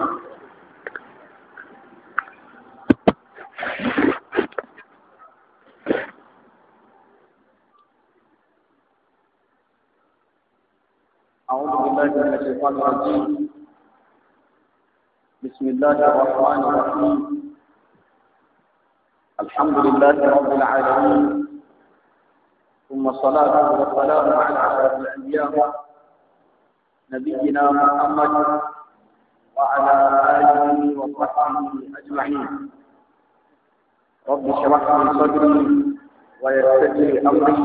أعوذ بالله من الشيطان الرجيم بسم الله الرحمن الرحيم الحمد لله رب العالمين ثم الصلاة والسلام على أشرف الأنبياء نبينا محمد وعلى وصحبه أجمعين رب اشرح لي صدري ويسر لي امري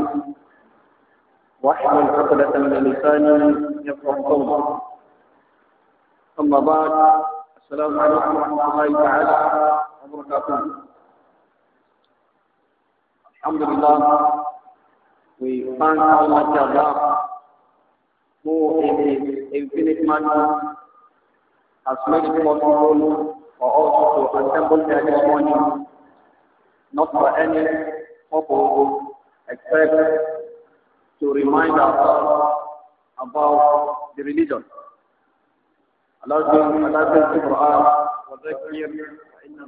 واحمل عقدة من لساني يفرح قولي اما بعد السلام عليكم ورحمه الله تعالى وبركاته الحمد لله we thank Allah Jalla for His infinite mercy has made it possible for us to assemble here this morning, not for any purpose except to remind ourselves about the religion. Allah says in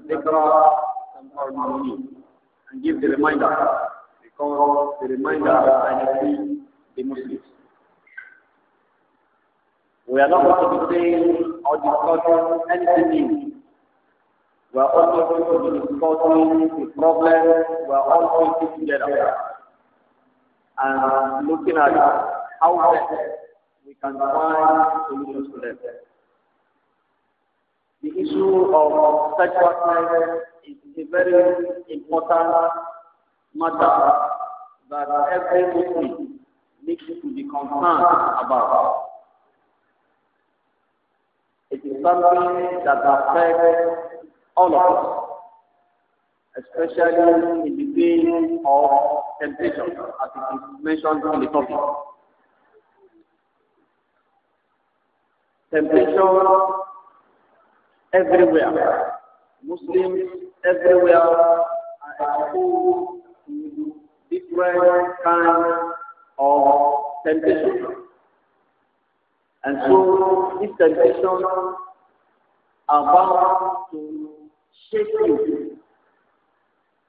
the Quran, and give the reminder because the reminder is the Muslims. We are not going to be saying or discussing anything new. We are all going to the problem. We are all going together and looking at how best we can find solutions to them. The issue of sexual violence is a very important matter that every Muslim needs to be concerned about. It is something that affects all of us, especially in the pain of temptation, as it is mentioned in the topic. Temptation everywhere. Muslims everywhere are exposed to different kinds of temptation. And so these temptations are bound to shake you.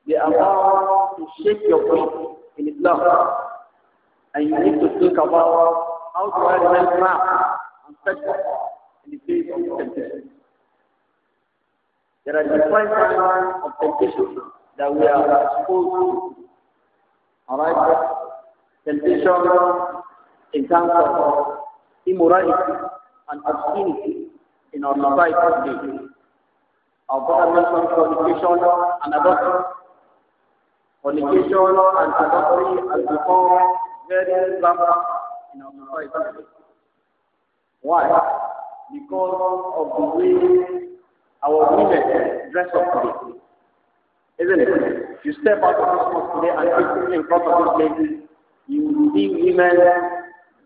They are bound to shake your faith in Islam. And you need to think about how to I remain calm and steadfast in the face of temptation. There are different kinds of temptations that we are exposed to. Alright? Temptation in terms of immorality and obscenity in our society today. Our brother mentioned fornication and adultery. Fornication and adultery has become very rampant in our society today. Why? Because of the way our women dress up today. Isn't it? If you step out of this house today and sit in front of this lady, you see women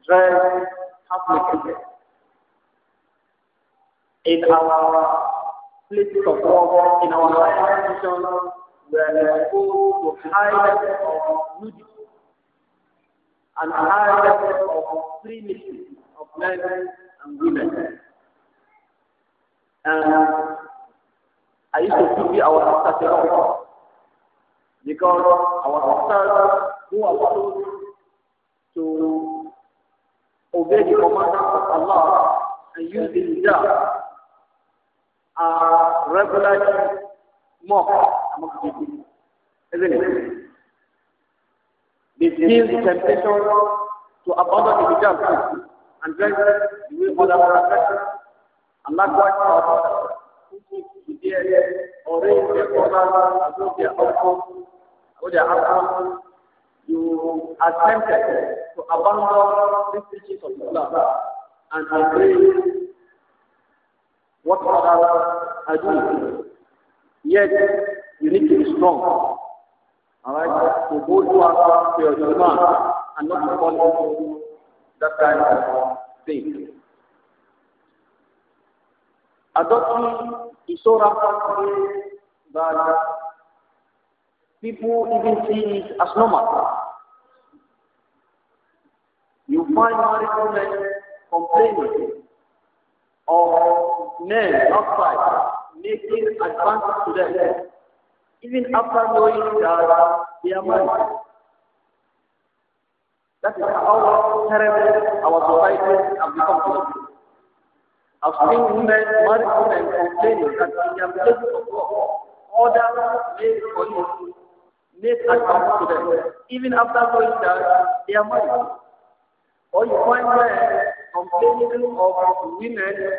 dressed applicant in our places of work, in our organizations, we are exposed to high level of nudity and high level of primacy of men and women. And I used to pity our sisters a because our sisters who are close to obey the commandments of Allah and use the hijab are regularly mocked among people, isn't it? They feel the temptation to abandon the hijab and dress the way others are dressed. And likewise, our who their or raise their colors above their outcome, above their you attempted. to abandon the teachings of Islam and embrace what others are doing. Yet, you need to be strong. Alright? To go to your to your demand and not to fall into that kind of thing. Adultery is so rampant that people even see it as normal find married women complaining or men outside making advances to them, even after knowing that they are married. That is how terrible our society has become today. I've seen women, married women complaining that they are taken of law. Other male colleagues made advances to them, even after knowing that they are married or you find men complaining of women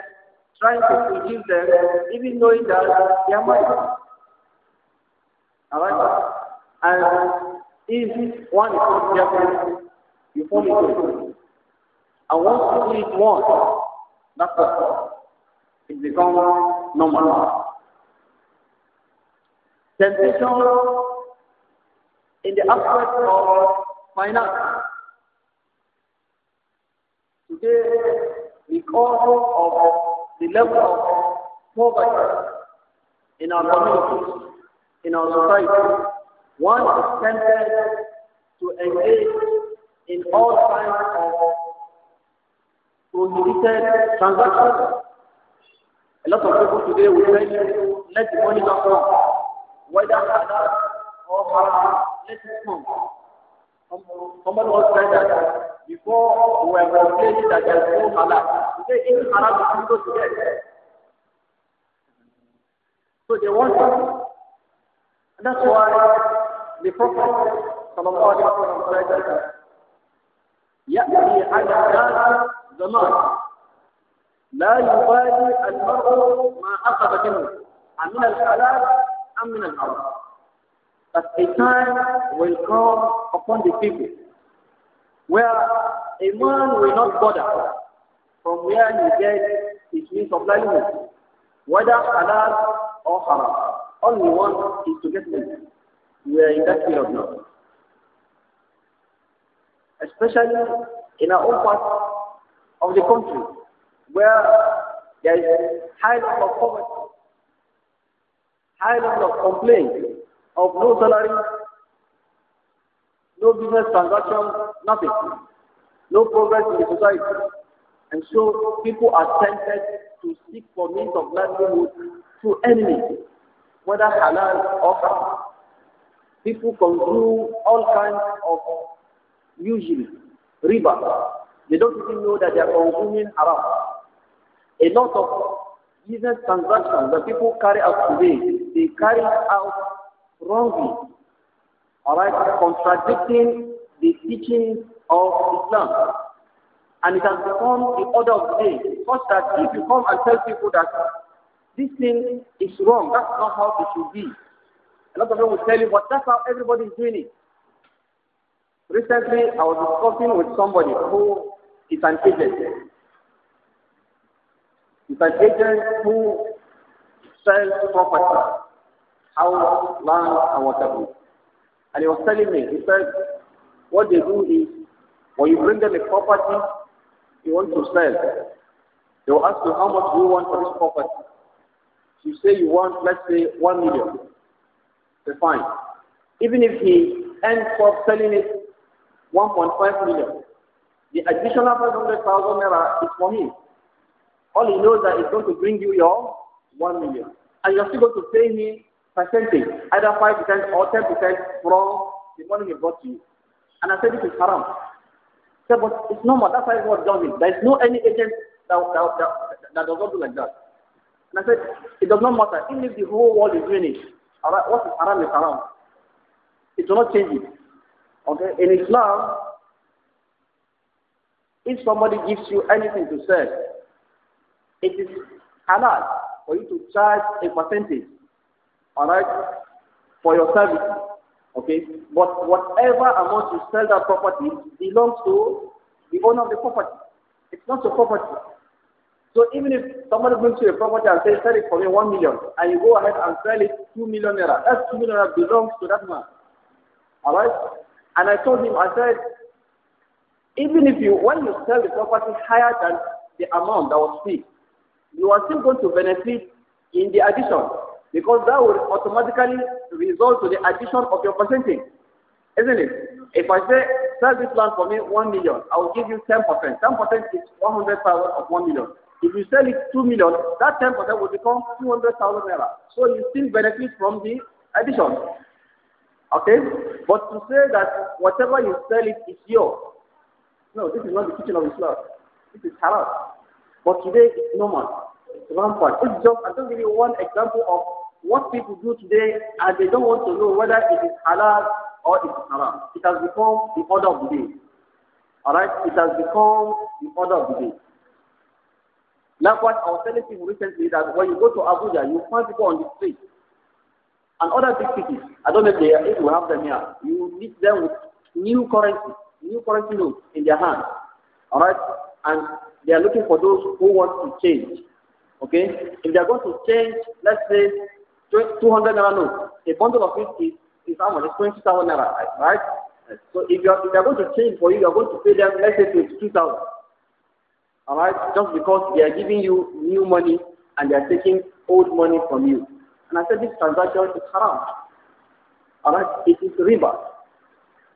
trying to seduce them, even knowing that they are married. Alright? And if one is not careful, you fall into it. And once you do it once, that's all. It becomes normal. Temptation in the aspect of finance because of the level of poverty in our communities, in our society, one is tempted to engage in all kinds of prohibited transactions. A lot of people today will tell you, let the money not come, whether halal or haram, let it come. Someone once said that before we were complaining that there is no halal. They eat haram to people to death. So they want it. that's why the Prophet sallallahu alaihi wasallam said that يأتي على الناس زمان لا يبالي المرء ما أخذ منه أمن الحلال أم من الحرام. That a time will come upon the people where a man will not bother from where he gets his means of livelihood, whether halal or haram. All he wants is to get money. We are in that period now. Especially in our own part of the country, where there is high level of poverty, high level of complaint, of no salary, no business transactions, nothing, no progress in the society. And so people are tempted to seek for means of livelihood through any means, whether halal or haram. People consume all kinds of usually riba. They don't even know that they are consuming haram. A lot of business transactions that people carry out today, they carry out wrongly alright, contradicting the teachings of Islam. And it has become the order of the day, such that if you come and tell people that this thing is wrong, that's not how it should be. A lot of people will tell you, but that's how everybody is doing it. Recently, I was discussing with somebody who is an agent. He's an agent who sells property, house, land, and whatever. And he was telling me, he said, what they do is, when you bring them a property you want to sell, they will ask you how much do you want for this property. You say you want, let's say, one million. They fine. Even if he ends up selling it 1.5 million, the additional 500,000 naira is for him. All he knows that it's going to bring you your 1 million. And you're still going to pay him percentage, either 5% or 10% from the money he brought to you. And I said, this is haram. I said, but it's normal. That's why God does it. There is no any agent that, that, that, that does not do like that. And I said, it does not matter. Even if the whole world is doing it, alright, what is haram is haram. It will not change it. Okay? In Islam, if somebody gives you anything to sell, it is halal for you to charge a percentage Alright? For your service. Okay? But whatever amount you sell that property belongs to the owner of the property. It's not your property. So even if somebody brings you a property and says, sell it for me one million, and you go ahead and sell it two million naira, that two million naira belongs to that man. Alright? And I told him, I said, even if you, when you sell the property higher than the amount that was fixed, you are still going to benefit in the addition. Because that will automatically result to the addition of your percentage. Isn't it? If I say, sell this land for me 1 million, I will give you 10%. 10% is 100,000 of 1 million. If you sell it 2 million, that 10% will become 200,000 naira. So you still benefit from the addition. Okay? But to say that whatever you sell it is yours. No, this is not the kitchen of Islam. This is halal. But today it's normal. It's rampant. It's just, i just give you one example of what people do today and they don't want to know whether it is halal or it is haram. It has become the order of the day. Alright? It has become the order of the day. Likewise, I was telling people recently that when you go to Abuja, you find people on the street. And other big cities, I don't know if, they, if have them here, you meet them with new currency, new currency notes in their hands. Alright? And they are looking for those who want to change. Okay? If they are going to change, let's say 200 naira note. A bundle of it is, is how much? It's 20,000 naira, right? So if, you're, if they're going to change for you, you're going to pay them, let's say, 22,000. Alright? Just because they are giving you new money and they are taking old money from you. And I said this transaction is haram. Alright? It is riba.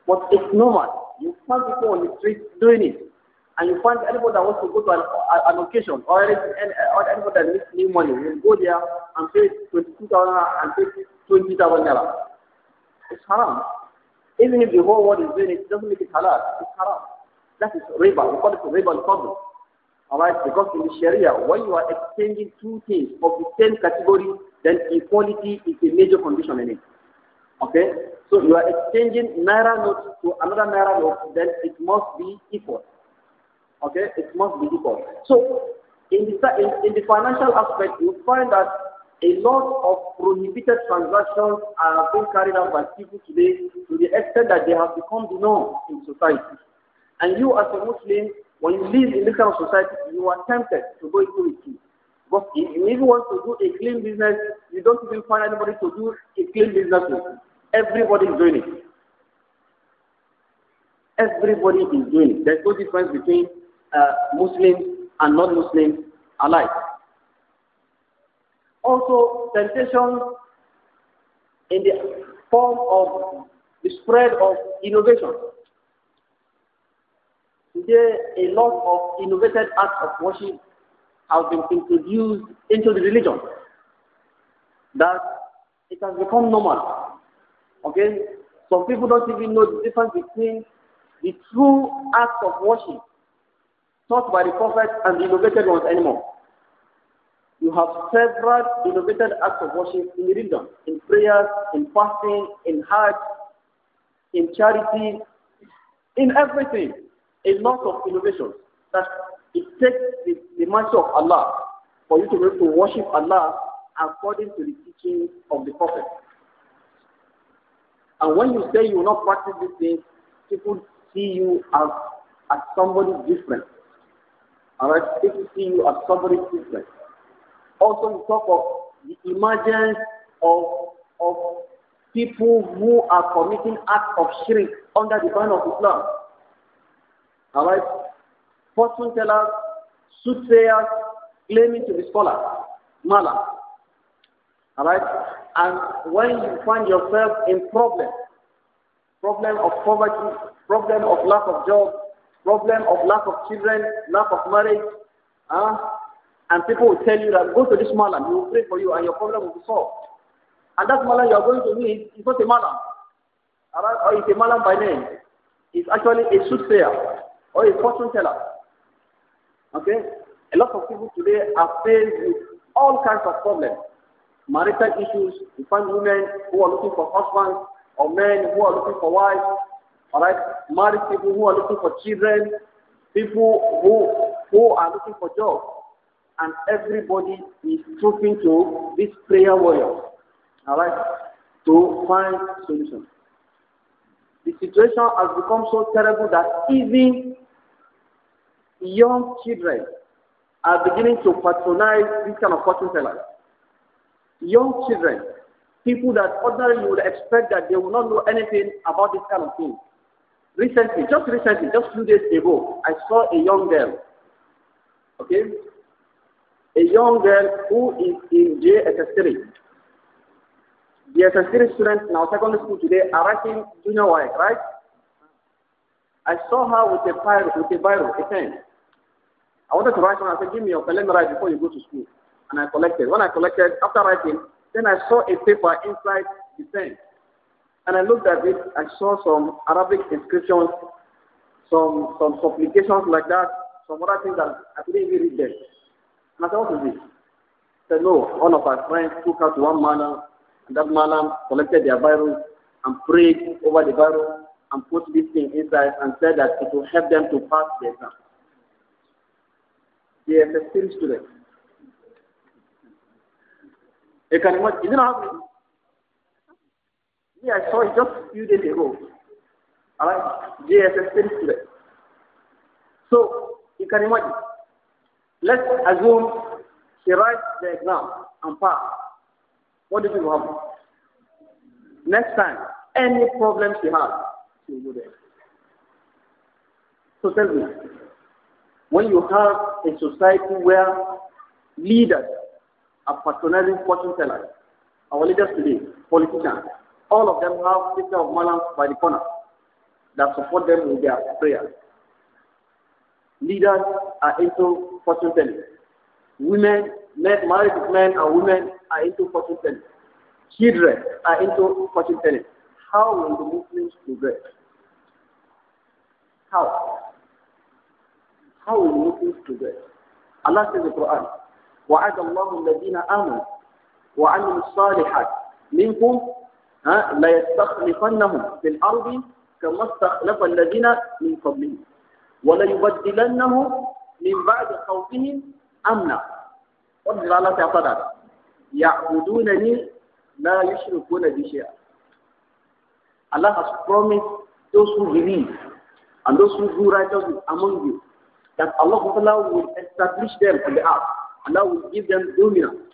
But it's normal. You find people on the street doing it and you find anybody that wants to go to an, an occasion or, any, or anybody that needs new money, will go there and pay 22,000 and pay 20,000 naira. It's haram. Even if the whole world is doing it, it doesn't make it halal. It's haram. That is riba. We call it riba problem. Alright, because in the Sharia, when you are exchanging two things of the same category, then equality is a major condition in it. Okay? So you are exchanging naira notes to another naira note, then it must be equal. Okay, it must be equal. So, in the, in, in the financial aspect, you find that a lot of prohibited transactions are being carried out by people today to the extent that they have become the norm in society. And you as a Muslim, when you live in this kind of society, you are tempted to go into it Because But if you even want to do a clean business, you don't even find anybody to do a clean business with. Everybody is doing it. Everybody is doing it. There's no difference between uh, Muslims and non-Muslims alike. Also, temptation in the form of the spread of innovation. Today, a lot of innovated acts of worship have been introduced into the religion. That it has become normal. Okay? Some people don't even know the difference between the true act of worship taught by the Prophet and the innovated ones anymore. You have several innovated acts of worship in the kingdom, in prayers, in fasting, in hajj, in charity, in everything. A lot of innovations that it takes the, the mercy of Allah for you to be able to worship Allah according to the teachings of the Prophet. And when you say you will not practice these things, people see you as, as somebody different. Alright, if you see you as somebody different. Also, we talk of the emergence of, of people who are committing acts of shirk under the ban of Islam. Alright, fortune tellers, soothsayers, claiming to be scholars, mullahs. Alright? And when you find yourself in problem, problem of poverty, problem of lack of job, problem of lack of children, lack of marriage, uh, and people will tell you that go to this malam, he will pray for you and your problem will be solved. And that malam you are going to meet is not a malam, or it's a malam by name. It's actually a soothsayer or a fortune teller. Okay? A lot of people today are faced with all kinds of problems. Marital issues, you find women who are looking for husbands or men who are looking for wives all right? Married people who are looking for children, people who, who are looking for jobs. And everybody is trooping to this prayer warrior, all right, to find solution. The situation has become so terrible that even young children are beginning to patronize this kind of fortune tellers. Young children, people that ordinarily would expect that they will not know anything about this kind of thing, Recently, just recently, just few days ago, I saw a young girl, okay? A young girl who is in JSS3. JSS3 students in our secondary school today are writing junior work, right? I saw her with a virus, with a viral, a pen. I wanted to write one. I said, give me your pen, let me write before you go to school. And I collected. When I collected, after writing, then I saw a paper inside the pen. And I looked at it, I saw some Arabic inscriptions, some some supplications like that, some other things that I couldn't even read them. And I said, what is this? I said, no, one of our friends took out one malam, and that malam collected their Bible and prayed over the Bible and put this thing inside and said that it will help them to pass the exam. They are still students. You can imagine, is not yeah, I saw it just a few days ago. Alright, JSS student. So, you can imagine. Let's assume she writes the exam and pass. What do you have? Next time, any problem she has, she will do that. So tell me, when you have a society where leaders are patronizing fortune tellers, our leaders today, politicians, all of them have sister of Malams by the corner that support them in their prayers. Leaders are into fortune telling. Women, men, married men and women are into fortune telling. Children are into fortune telling. How will the Muslims progress? How? How will the Muslims progress? Allah says in the Quran, وَعَدَ اللَّهُ الَّذِينَ آمَنُوا وَعَمِلُوا الصَّالِحَاتِ مِنْكُمْ ها لا يستخلفنهم في الأرض كما استخلف الذين من قبلهم ولا يبدلنهم من بعد خوفهم أمنا قد لا تعتذر يعبدونني لا يشركون بي شيئا Allah has promised those who believe and those who do righteousness among you that Allah will establish them on the earth. Allah will give them dominion.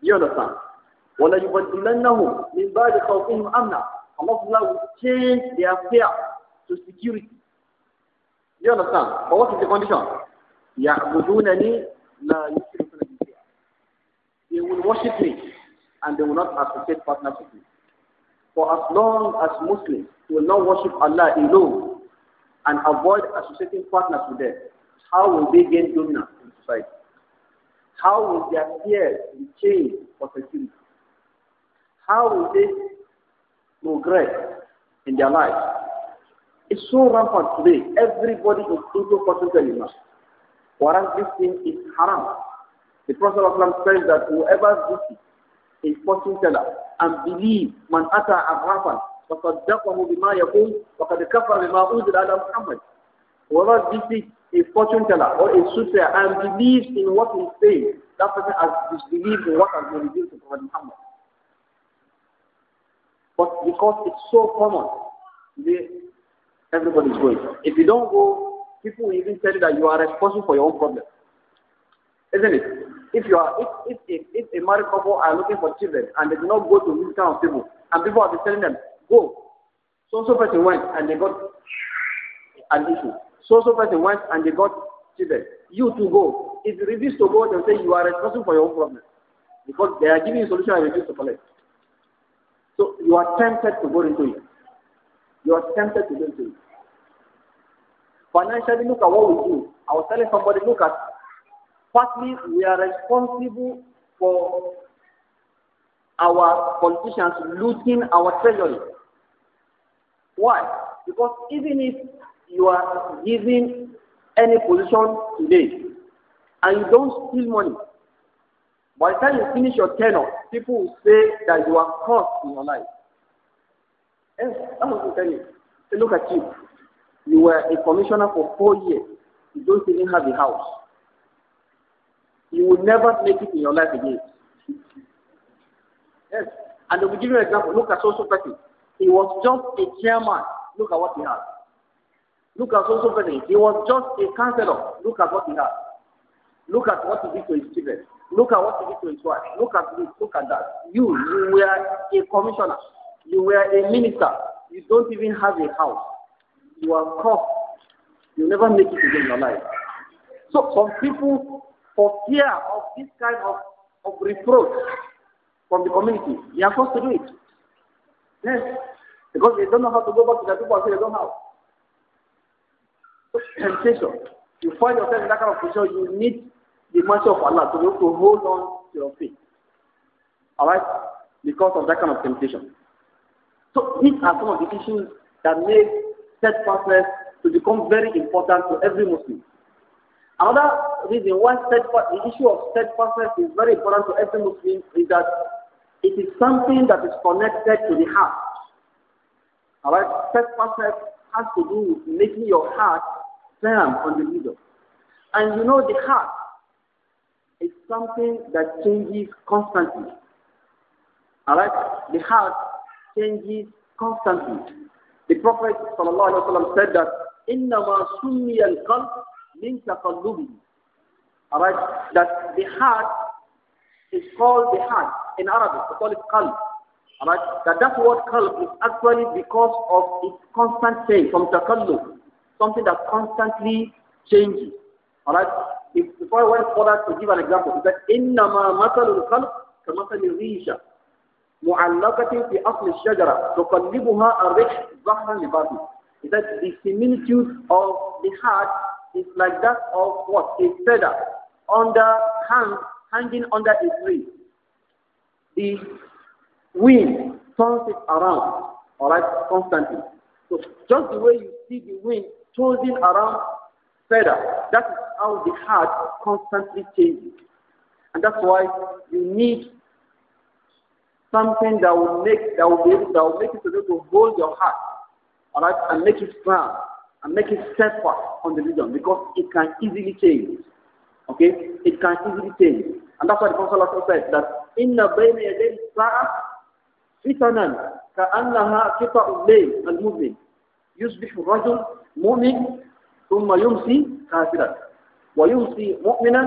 Do you understand? وَلَيُبَدِّلَنَّهُمْ مِنْ بَعْدِ خَوْفِهِمْ أَمْنًا Allah will change their fear to security. You understand? But what is the condition? يَعْبُدُونَنِي لَا يُشْرِكُونَ بِي They will worship me and they will not associate partners with me. For as long as Muslims will not worship Allah alone and avoid associating partners with them, how will they gain dominance in society? How will their fear be changed for security? How will they progress in their life? It's so rampant today. Everybody is into fortune telling us. Whereas this thing is haram. The Prophet says that whoever is a fortune teller and believes man ata arrafan فصدقه بما يقول وقد كفر بما أنزل على محمد Whoever is a fortune teller or a soothsayer and believes in what he says, that person has disbelieved in what has been revealed to Prophet Muhammad. But because it's so common, they, everybody's going. If you don't go, people will even tell you that you are responsible for your own problem. Isn't it? If you are, if, if, if, if a married couple are looking for children and they do not go to this kind of people, and people are telling them, go. So so person went and they got an issue. So so person went and they got children. You to go. If you refuse to go, they'll say you are responsible for your own problem. Because they are giving you solution and refuse to collect you are tempted to go into it. You are tempted to go into it. Financially, look at what we do. I was telling somebody, look at, partly we are responsible for our politicians looting our treasury. Why? Because even if you are given any position today and you don't steal money, by the time you finish your tenure, people will say that you are cursed in your life. Yes, I will telling you. Say, look at you. You were a commissioner for four years. You don't even have a house. You will never make it in your life again. Yes. And let will give you an example. Look at social person. He was just a chairman. Look at what he has. Look at social person. He was just a counselor. Look at what he has. Look at what he did to his children. Look at what he did to his wife. Look at this. Look at that. You, you were a commissioner. You were a minister. You don't even have a house. You are poor. You never make it again in your life. So some people, for fear of this kind of, of reproach from the community, they are forced to do it. Yes. Because they don't know how to go back to their people and say they don't have. So, temptation. You find yourself in that kind of position, you need the mercy of Allah to be able to hold on to your faith. Alright? Because of that kind of temptation. So these are some of the issues that make steadfastness to become very important to every Muslim. Another reason why the issue of steadfastness is very important to every Muslim is that it is something that is connected to the heart. Alright, steadfastness has to do with making your heart firm on the middle. And you know the heart is something that changes constantly. Alright, the heart changes constantly. The Prophet ﷺ said that, إِنَّمَا al-qalb min تَقَلُّبِهِ Alright, that the heart is called the heart. In Arabic, we call it qalb. Alright, that that word qalb is actually because of its constant change from taqallub, something that constantly changes. Alright, if, before I went further to give an example, that إِنَّمَا مَثَلُ qalb كَمَثَلِ rija. معلقة في that the similitude of the heart is like that of what? A feather under hang, hanging under a tree. The wind turns it around, all right, constantly. So just the way you see the wind tossing around feather, that is how the heart constantly changes. And that's why you need something that will make that will be that will make it able to hold your heart, all right, and make it firm and make it steadfast on the religion because it can easily change. Okay, it can easily change, and that's why the Apostle also said that in the bayna yaday sa'a fitanan كأنها قطع الليل المظلم يصبح الرجل مؤمن ثم يمسي كافرا ويمسي مؤمنا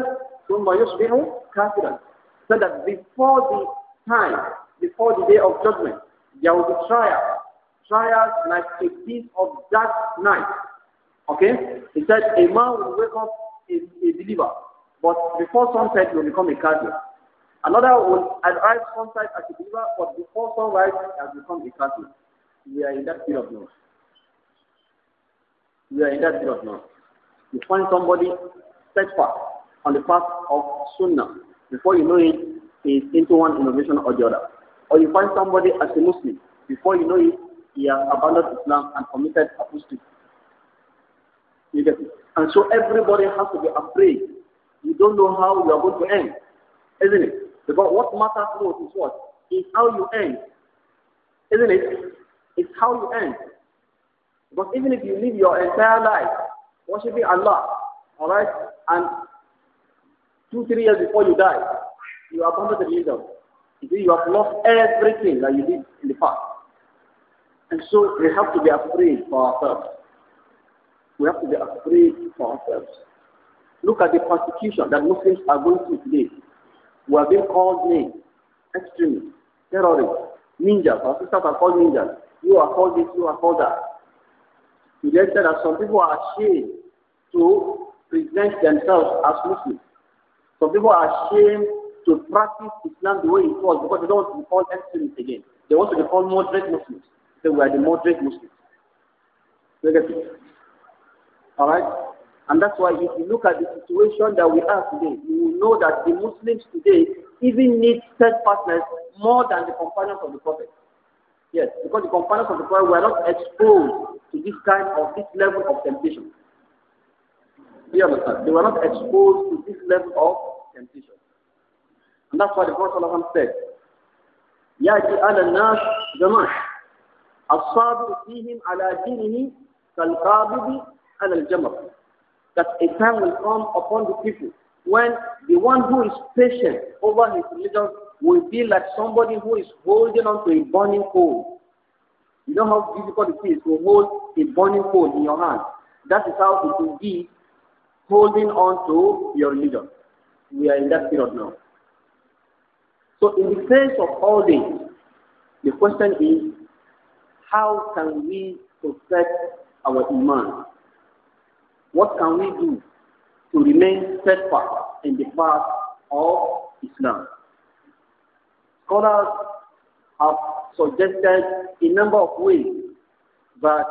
ثم يصبح كافرا so that before the time before the day of judgment. There will be trials, trials like a piece of dark night. Okay? He said a man will wake up a, a believer, but before sunset he will become a kafir. Another will arrive sunset as a believer, but before sunrise he has become a kafir. We are in that period of now. We are in that period of now. You find somebody steadfast on the path of Sunnah. Before you know it, he's into one innovation or the other or you find somebody as a Muslim, before you know it, he has abandoned Islam and committed apostasy. And so everybody has to be afraid. You don't know how you are going to end, isn't it? Because what matters most is what? Is how you end, isn't it? It's how you end. Because even if you live your entire life worshiping Allah, alright, and two, three years before you die, you abandon the religion. You see, you have lost everything that you did in the past. And so we have to be afraid for ourselves. We have to be afraid for ourselves. Look at the persecution that Muslims are going through today. We are being called names, extremists, terrorists, ninjas. Our sisters are called ninjas. You are called this, you are called that. He then said that some people are ashamed to present themselves as Muslims. Some people are ashamed to practice Islam the way it was because they don't want to be called extremists again. They want to be called moderate Muslims. So we are the moderate Muslims. Look Alright? And that's why if you look at the situation that we have today, you will know that the Muslims today even need steadfastness more than the companions of the Prophet. Yes, because the companions of the Prophet were not exposed to this kind of this level of temptation. Do you understand? They were not exposed to this level of temptation. And that's why the Prophet ﷺ said, يَأْتِي عَلَى النَّاسِ جَمَعْ الصَّابِرُ فِيهِمْ عَلَى دِينِهِ كَالْقَابِضِ عَلى الْجَمَرِ That a time will come upon the people when the one who is patient over his religion will be like somebody who is holding on to a burning coal. You know how difficult it is to hold a burning coal in your hand. That is how it will be holding on to your religion. We are in that period now. So in the face of all this, the question is, how can we protect our iman? What can we do to remain steadfast in the path of Islam? Scholars have suggested a number of ways that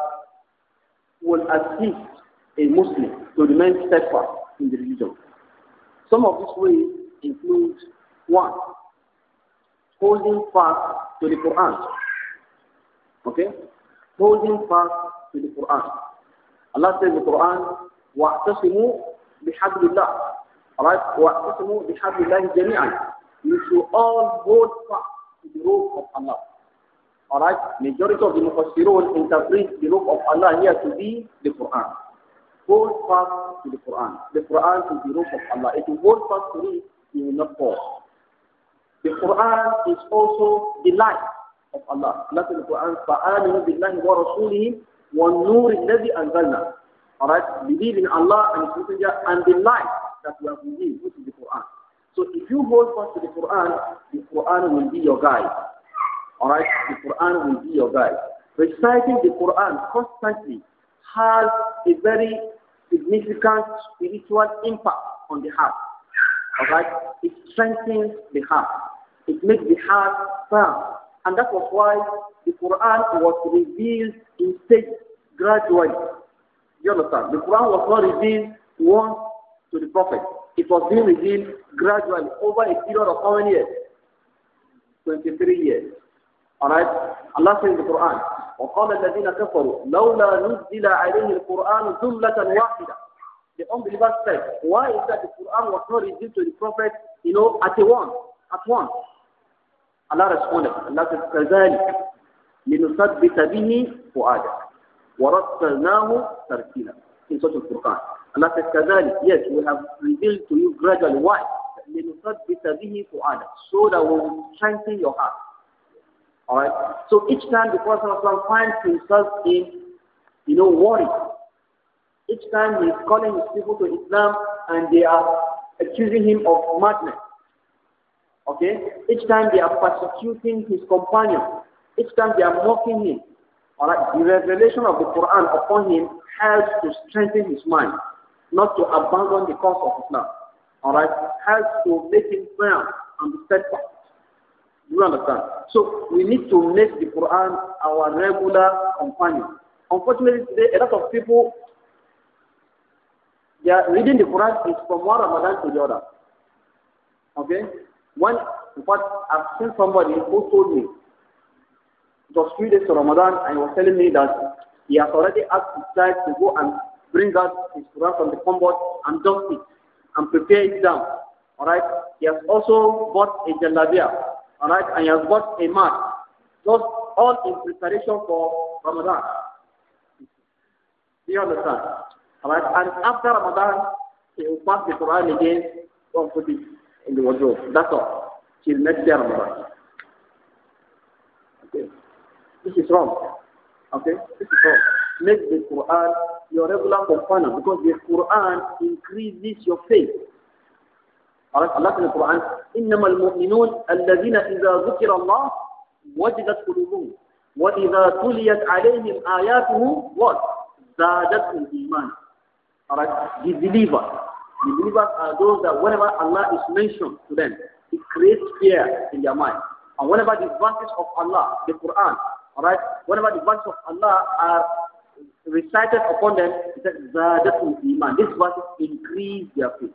will assist a Muslim to remain steadfast in the religion. Some of these ways include one, holding fast to the Quran. Okay? Holding fast to the Quran. Allah says in the Quran, وَاعْتَصِمُوا بِحَبْلِ اللَّهِ Alright? وَاعْتَصِمُوا بِحَبْلِ اللَّهِ جَمِيعًا You should all hold fast to the rope of Allah. Alright? Majority of the Mufassirun interpret the rope of Allah here to be the Quran. Hold fast to the Quran. The Quran is the rope of Allah. If you hold fast to it, you will not fall. The Quran is also the light of Allah. Allah in the Quran, فَآمِنُوا بِاللَّهِ وَرَسُولِهِ وَالنُّورِ الَّذِي أَنزَلْنَا Alright, believe in Allah and His Messenger and the light that we have revealed, which is the Quran. So if you hold fast to the Quran, the Quran will be your guide. Alright, the Quran will be your guide. Reciting the Quran constantly has a very significant spiritual impact on the heart. Alright, it strengthens the heart. It makes the heart firm. And that was why the Quran was revealed in stages gradually. You understand? The Quran was not revealed once to the Prophet. It was being revealed gradually over a period of how many years? 23 years. Alright? Allah says in the Quran, وقال الذين كفروا لولا نزل عليه القرآن جملة واحدة. The unbelievers said, why is that the Quran was not revealed to the Prophet you know, at a one, at once. Allah responded, Allah says, كَذَلِكَ لِنُثَبِّتَ بِهِ فُؤَادَكَ وَرَتَّلْنَاهُ تَرْتِيلًا In such a Quran. Allah says, كَذَلِكَ Yes, we have revealed to you gradually why. لِنُثَبِّتَ بِهِ فُؤَادَكَ So that we will strengthen your heart. Alright? So each time the Prophet finds himself in, you know, worry. Each time he is calling his people to Islam and they are accusing him of madness. Okay? Each time they are persecuting his companion. Each time they are mocking him. Alright, the revelation of the Quran upon him helps to strengthen his mind, not to abandon the cause of Islam. Alright? Helps to make him firm and steadfast. You understand? So we need to make the Quran our regular companion. Unfortunately today a lot of people they are reading the Quran is from one Ramadan to the other. Okay? One, What I've seen somebody who told me, it was three days to Ramadan, and he was telling me that he has already asked his child to go and bring out his Quran from the combat and dump it and prepare it down. Alright? He has also bought a jalabia. Alright? And he has bought a mat. Just all in preparation for Ramadan. Do you understand? خلاص and after Ramadan he will pass the Quran again and put it in the wardrobe that's all till next year Ramadan okay this is wrong okay this is wrong make the Quran your regular companion because the Quran increases your faith الله في القرآن إنما المؤمنون الذين إذا ذكر الله وجدت قلوبهم وإذا تليت عليهم آياته زادتهم إيمانا Alright, the believers. believers are those that whenever Allah is mentioned to them, it creates fear in their mind. And whenever the verses of Allah, the Quran, alright, whenever the verses of Allah are recited upon them, it says, iman. This verse increase their faith.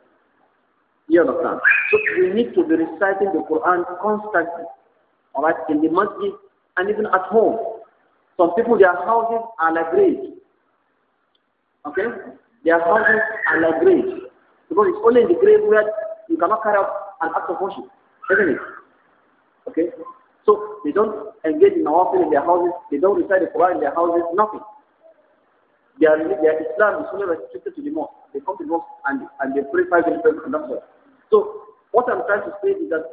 You understand? So we need to be reciting the Quran constantly, alright, in the masjid and even at home. Some people, their houses are like graves. Okay? Their houses are like graves. Because it's only in the grave where you cannot carry out an act of worship, isn't it? Okay? So they don't engage in nawafil in their houses, they don't recite the Quran in their houses, nothing. Their, their Islam is only restricted to the mosque. They come to the mosque and, and they pray five minutes a day. So what I'm trying to say is that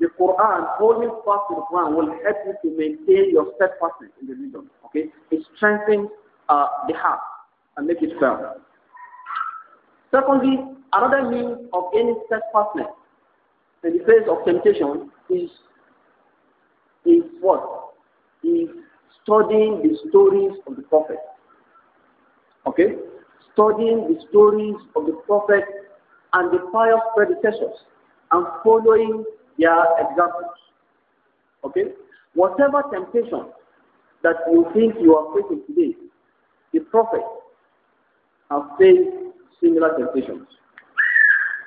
the Quran, holding fast to the Quran will help you to maintain your steadfastness in the religion. Okay? It strengthens uh, the heart and make it firm. Secondly, another means of any steadfastness in the face of temptation is is what? Is studying the stories of the prophet. Okay? Studying the stories of the prophet and the pious predecessors and following their examples. Okay? Whatever temptation that you think you are facing today, the prophet has faced similar temptations.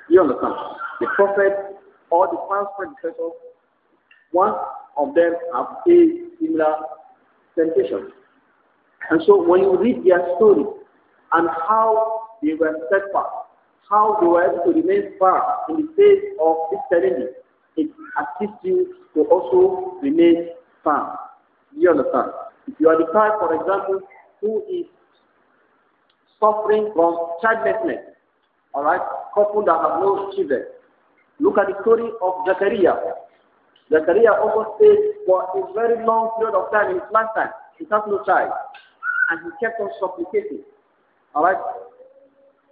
You understand? The prophet or the past predecessors, one of them have a similar temptations. And so when you read their story and how they were steadfast, how they were able to remain firm in the face of this challenge, it assists you to also remain firm. you understand? If you are the type, for example, who is suffering from childlessness. All right, couple that have no children. Look at the story of Zechariah. Zechariah also stayed for a very long period of time in his lifetime. He has no child, and he kept on supplicating. All right,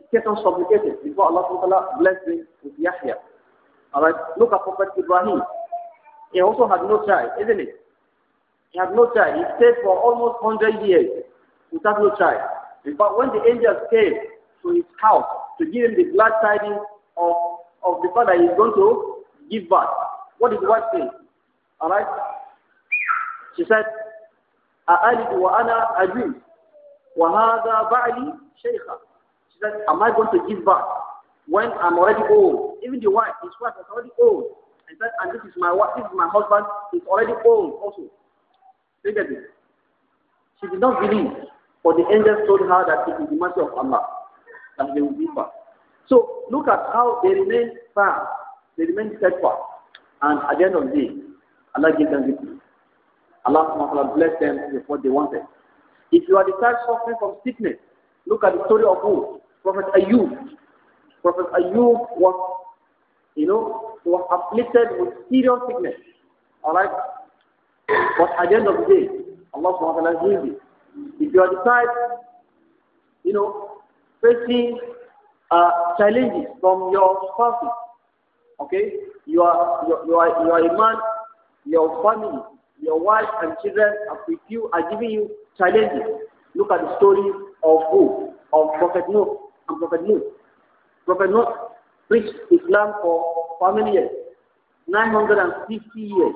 he kept on supplicating before Allah Taala blessed him with Yahya. All right, look at Prophet Ibrahim. He also had no child, isn't it? He had no child. He stayed for almost 100 years without no child. In fact, when the angels came to his house to give him the glad tidings of, of the father he's going to give birth, what did the wife say? All right? She said, أَأَلِدُ وَأَنَا أَجُوزُ وَهَذَا بَعْلِي شَيْخًا She said, am I going to give birth when I'm already old? Even the wife, his wife is already old. And said, and this is my wife, this is my husband, he's already old also. Look at this. She did not believe. For the angels told her that it is the mercy of Allah and they will be far. So look at how they remain firm, they remain steadfast. And at the end of the day, Allah gave them victory. Allah subhanahu them with what they wanted. If you are the type suffering from sickness, look at the story of who? Prophet Ayub. Prophet Ayub was, you know, was afflicted with serious sickness. Alright? But at the end of the day, Allah subhanahu wa ta'ala healed him. If you are the type, you know, facing uh, challenges from your spouse, okay, you are, you, are, you are a man, your family, your wife and children with you are giving you challenges. Look at the story of who? Of Prophet Noah and Prophet Noah. Prophet Noah preached Islam for how many years? 950 years.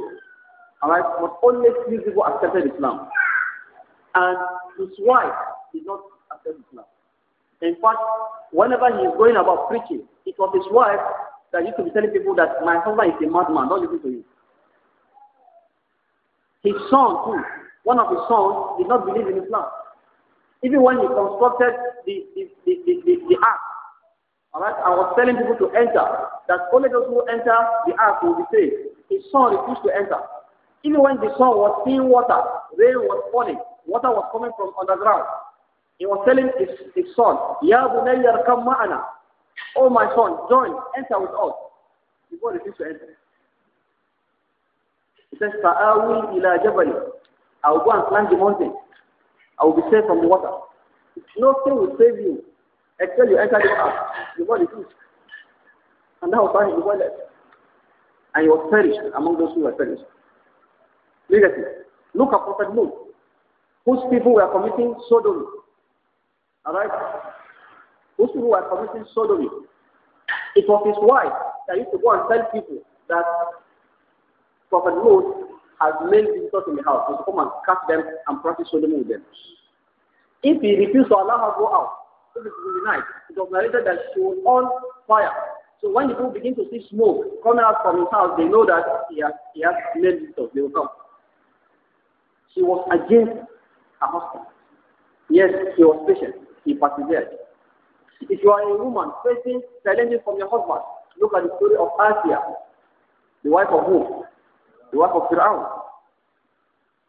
Alright, but only few people accepted Islam and his wife did not accept Islam. In fact, whenever he is going about preaching, it was his wife that used to be telling people that my husband is a madman, don't listen to him. His son too, one of his sons did not believe in Islam. Even when he constructed the, the, the, the, the, the ark, all right, I was telling people to enter, that only those who enter the ark will be saved. His son refused to enter. Even when the son was seeing water, rain was falling, water was coming from underground. He was telling his, his son, Ya Bunayyar, come ma'ana. Oh my son, join, enter with us. Before he refused to enter. He says, Fa'awi ila jabali. I will go and climb the mountain. I will be saved from the water. Nothing will save you until you enter the water. The body is. And that was why he was left. And he was perished among those who were perished. Look at it. Look at Prophet Nuh whose people were committing sodomy. Alright? Whose people were committing sodomy. It was his wife that used to go and tell people that Prophet Lot has male visitors in the house. He used to come and catch them and practice sodomy with them. If he refused to allow her to go out, it was the night. It was narrated that she was on fire. So when the people begin to see smoke coming out from his house, they know that he has, he has male visitors. They will come. She was against a Yes, he was patient. He persevered. If you are a woman facing challenges from your husband, look at the story of Asia, the wife of who? The wife of Fir'aun.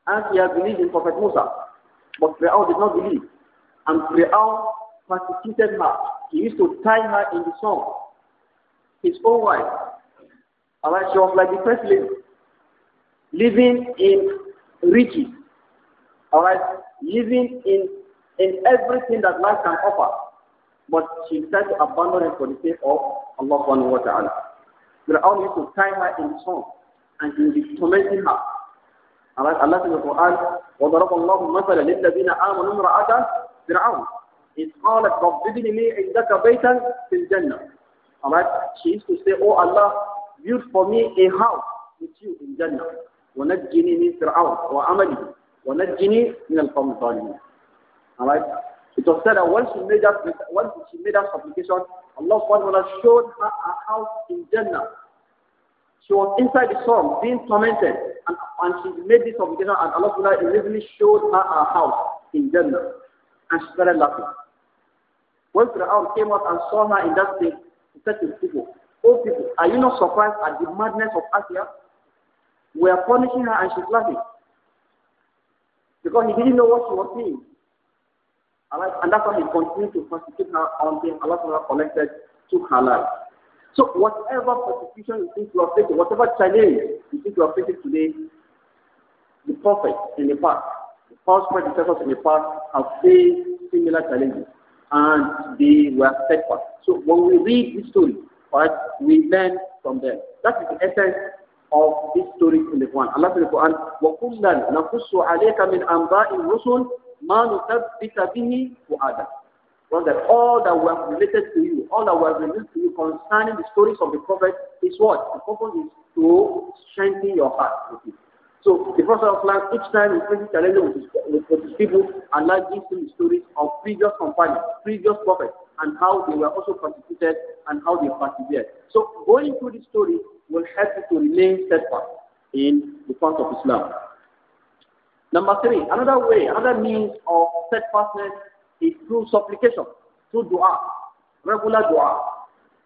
Asia believed in Prophet Musa, but Fir'aun did not believe. And Fir'aun persecuted her. He used to tie her in the song. His own wife. Alright, she was like the first lady, living in riches. Alright, living in, in everything that life can offer. But she decided to abandon him for the sake of Allah subhanahu wa ta'ala. Fir'aun used to tie her in song and he would be tormenting her. Allah, Allah said in the Quran, وَضَرَبَ اللَّهُ مَثَلًا لِلَّذِينَ آمَنُوا امْرَأَةَ فِرْعَوْنَ إِذْ قَالَتْ رَبِّ ابْنِ لِي عِندَكَ بَيْتًا فِي الْجَنَّةِ Alright, she used to say, Oh Allah, build for me a house with you in Jannah. وَنَجِّنِي مِنْ فِرْعَوْنَ وَعَمَلِهِ ونجني من القوم الظالمين. Alright? It was said that once she made that once she made that supplication, Allah subhanahu wa ta'ala showed her a house in Jannah. She was inside the storm, being tormented, and, and she made this supplication, and Allah subhanahu wa ta'ala immediately showed her a house in Jannah. And she started laughing. When Fir'aun came out and saw her in that state, he said to people, Oh people, are you not surprised at the madness of Asia? We are punishing her and she's laughing because he didn't know what she was saying. And that's why he continued to persecute her until Allah Ta'ala connected to her life. So whatever persecution you think you are facing, whatever challenge you think you are facing today, the prophet in the past, the false predecessors in the past have faced similar challenges and they were steadfast. So when we read this story, right, we learn from them. That is the essence of this story in the Quran. Allah in the Quran, نَقُصُّ عَلَيْكَ مِنْ أَنْبَاءِ الرُّسُلِ مَا نُثَبِّتَ بِهِ فُؤَادَكَ that all that we have related to you, all that we have related to you concerning the stories of the Prophet is what? The purpose is to strengthen your heart with it. So the Prophet of Allah, each time he faces challenges with his, with, with his people, Allah gives him the stories of previous companions, previous prophets, and how they were also persecuted and how they persevered. So going through the story will help you to remain steadfast in the path of Islam. Number three, another way, another means of steadfastness is through supplication, through dua, regular dua.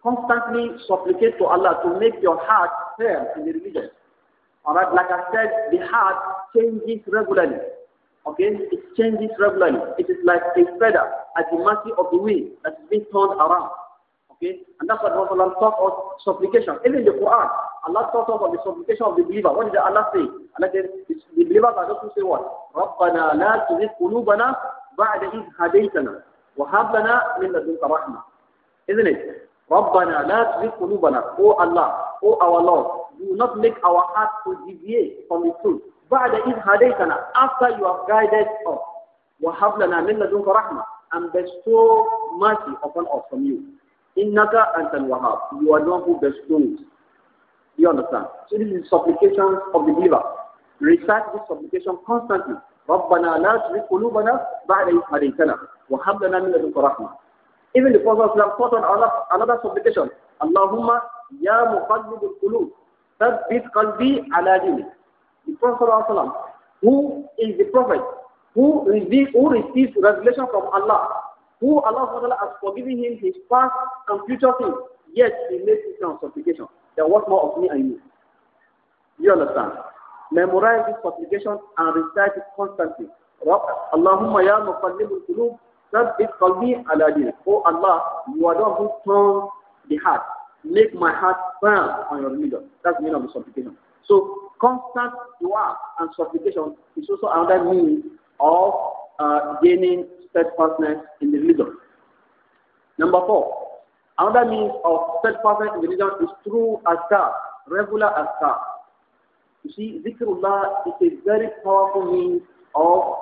Constantly supplicate to Allah to make your heart firm in the religion. Alright, like I said, the heart changes regularly. Okay, it changes regularly. It is like a feather at the mercy of the wind that is being turned around. Okay? And that's what Allah talks us supplication. Even in the Quran, Allah talks about the supplication of the believer. What did Allah say? Allah says the believers are those who say what? رَبَّنَا لَا تُزِدْ قُلُوبَنَا بَعْدَ إِذْ هَدَيْتَنَا وَهَبْ لَنَا مِنْ لَدُنْكَ رَحْمَةً Isn't it? رَبَّنَا لَا تُزِدْ قُلُوبَنَا O Allah, O our Lord, do not make our hearts to deviate from the truth. بَعْدَ إِذْ هَدَيْتَنَا After you have guided us. وَهَبْ لَنَا مِنْ لَدُنْكَ رَحْمَةً And bestow mercy upon us from you. Innaka antal wahab. You are the one who bestows. You understand? So this is supplication of the believer. Recite this supplication constantly. رَبَّنَا لَا تُزِغْ قُلُوبَنَا بَعْدَ إِذْ هَدَيْتَنَا وَهَبْ لَنَا مِن لَدُنْكَ رَحْمَةً Even the Prophet taught on another, another supplication. Allahumma ya muqallib al-qulub, thabbit qalbi ala dinik. The Prophet who is the Prophet who, receive, who receives revelation from Allah who Allah has forgiven him his past and future sins, yet he makes this kind of supplication. There was more of me and you. You understand? Memorize this supplication and recite it constantly. Allahumma ya muqallibul qulub, thabbit qalbi ala dinik. Oh Allah, you are the one the heart. Make my heart firm on your religion. That's the meaning of the supplication. So constant dua and supplication is also another means of uh, gaining steadfastness in the religion. Number four, another means of steadfastness in the religion is through azkar, regular azkar. You see, zikrullah is a very powerful means of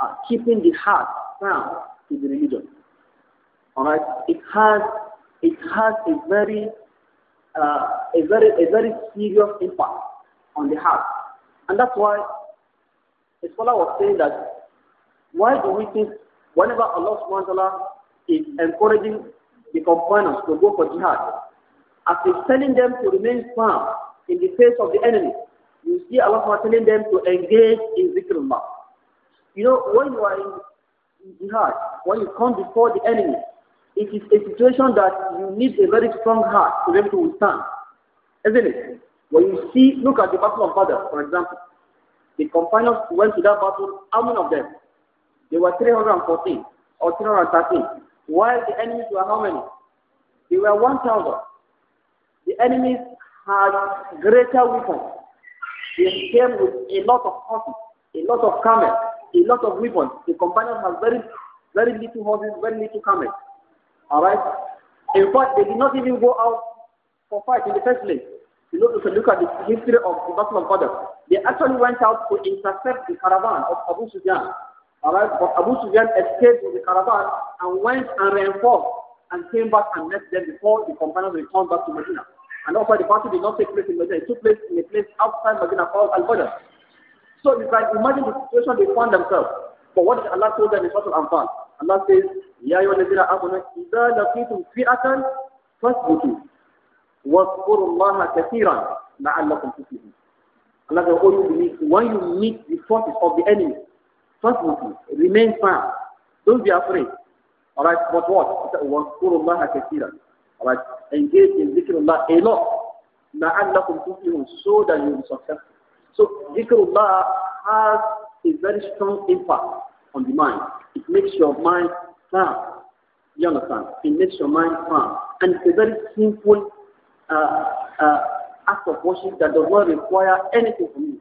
uh, keeping the heart sound in the religion. Alright, it has it has a very uh, a very a very serious impact on the heart, and that's why a scholar was saying that why do we think whenever Allah subhanahu wa ta'ala is encouraging the companions to go for jihad, as he's telling them to remain firm in the face of the enemy, you see Allah subhanahu wa telling them to engage in zikrullah. You know, when you are in jihad, when you come before the enemy, it is a situation that you need a very strong heart to be able to withstand, isn't it? When you see, look at the Battle of Badr, for example. The companions went to that battle, how many of them? They were 314 or 313. While the enemies were how many? They were 1,000. The enemies had greater weapons. They came with a lot of horses, a lot of camels, a lot of weapons. The companions had very, very little horses, very little camels. All right. In fact, they did not even go out for fight in the first place. You know, if you look at the history of the Battle of Badr, they actually went out to intercept the caravan of Abu Sufyan Alright, but Abu Sufyan escaped with the caravan and went and reinforced and came back and met them before the companions returned back to Medina. And also the battle did not take place in Medina, it took place in a place outside Medina called Al-Badr. So you can imagine the situation they found themselves. But what did Allah told them in Surah Al-Anfal? Allah says, Ya أَيُّهَا الَّذِينَ آمَنُوا إِذَا لَقِيتُمْ فِئَةً فَاثْبُتُوا وَاذْكُرُوا اللَّهَ كَثِيرًا لَعَلَّكُمْ تُفْلِحُونَ Allah says, oh you believe, when you meet the forces of the enemy, Fortunately, Remain firm. Don't be afraid. All right, but what? Allah كَثِيرًا All right, engage in zikrullah a lot. لَعَلَّكُمْ تُفْلِحُونَ So that you will be successful. So zikrullah has a very strong impact on the mind. It makes your mind calm. You understand? It makes your mind calm. And it's a very simple uh, uh, act of worship that does not require anything from you.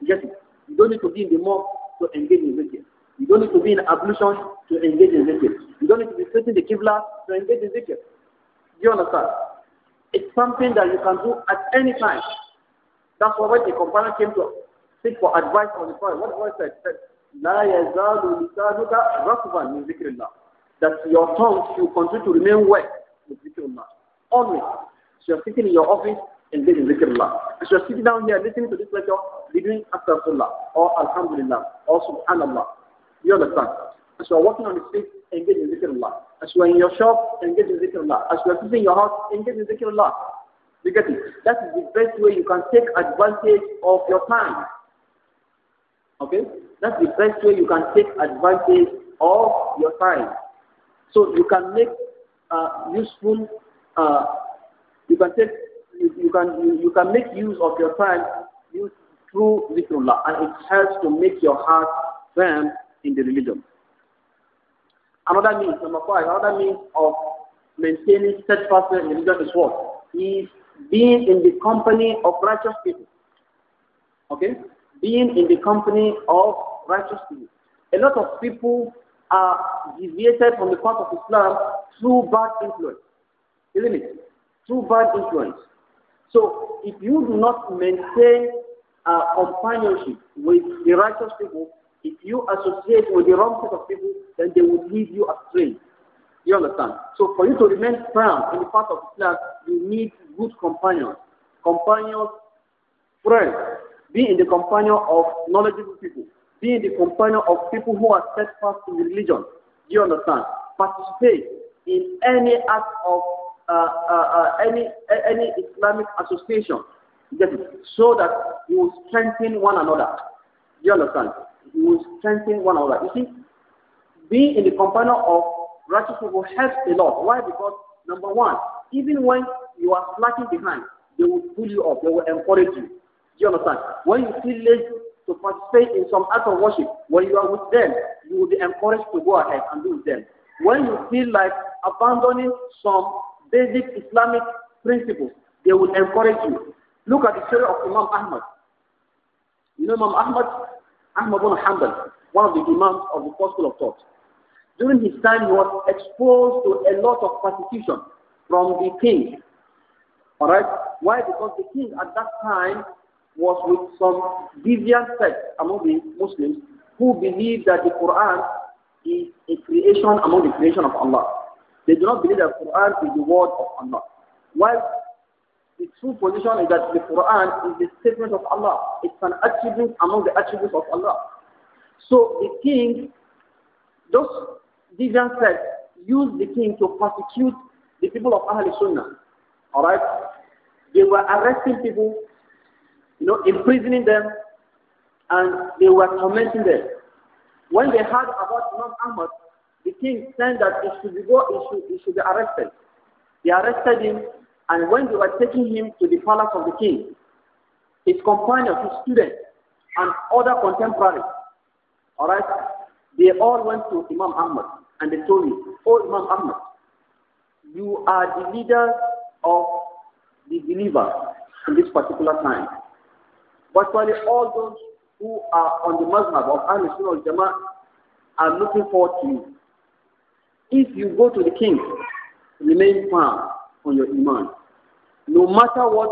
You get it? You don't need to be in the mosque to engage in zikr. You don't need to be in ablution to engage in zikr. You don't need to be facing the Qibla to engage in zikr. Do you understand? It's something that you can do at any time. That's why when the companion came to seek for advice on the Prophet, what was Prophet said, لا يزال لسانك That your tongue should continue to remain wet with ذكر Always. So you're sitting in your office, engage in zikrullah. As you're sitting down here listening to this lecture, be doing astaghfirullah or alhamdulillah or subhanallah. You understand? As you're walking on the street, engage in zikrullah. As you're in your shop, engage in zikrullah. As you're sitting in your house, engage in zikrullah. You get it? That is the best way you can take advantage of your time. Okay? That's the best way you can take advantage of your time. So you can make uh, useful, uh, you can take you, you can you, you, can make use of your time use, through zikrullah, and it helps to make your heart firm in the religion. Another means, number five, another means of maintaining steadfastness in religion is what? Is being in the company of righteous people. Okay? Being in the company of righteous people. A lot of people are deviated from the path of Islam through bad influence. Isn't it? Through bad influence. So if you do not maintain uh, companionship with the righteous people, if you associate with the wrong set of people, then they will leave you astray. You understand? So for you to remain firm in the path of Islam, you need good companions. Companions, friends. Be in the companion of knowledgeable people. Be in the companion of people who are steadfast in the religion. Do you understand? Participate in any act of uh, uh, uh, any, any Islamic association. So that we will strengthen one another. Do you understand? We will strengthen one another. You see, being in the company of righteous people helps a lot. Why? Because, number one, even when you are slacking behind, they will pull you up, they will encourage you. Do you understand? When you feel lazy to participate in some act of worship, when you are with them, you will be encouraged to go ahead and do with them. When you feel like abandoning some basic Islamic principles, they will encourage you. Look at the story of Imam Ahmad. You know Imam Ahmad? Ahmad bin Hanbal, one of the imams of the first school of thought. During his time, he was exposed to a lot of persecution from the king. Alright? Why? Because the king at that time was with some deviant sect among the Muslims who believed that the Quran is a creation among the creation of Allah. They do not believe that Quran is the word of Allah. While the true position is that the Quran is the statement of Allah. It's an attribute among the attributes of Allah. So the king, those deviant sects used the king to persecute the people of Ahl Sunnah. Alright? They were arresting people, you know, imprisoning them, and they were tormenting them. When they heard about Imam Ahmad, king sent that he should, be go, he should, he should be arrested. They arrested him, and when they were taking him to the palace of the king, his companions, his students, and other contemporaries, all right, they all went to Imam Ahmad and they told him, Oh, Imam Ahmad, you are the leader of the believers in this particular time. Virtually all those who are on the Muslim of Ahlul Sunnah al-Jama'ah are looking forward to you. If you go to the king, remain firm on your iman. No matter what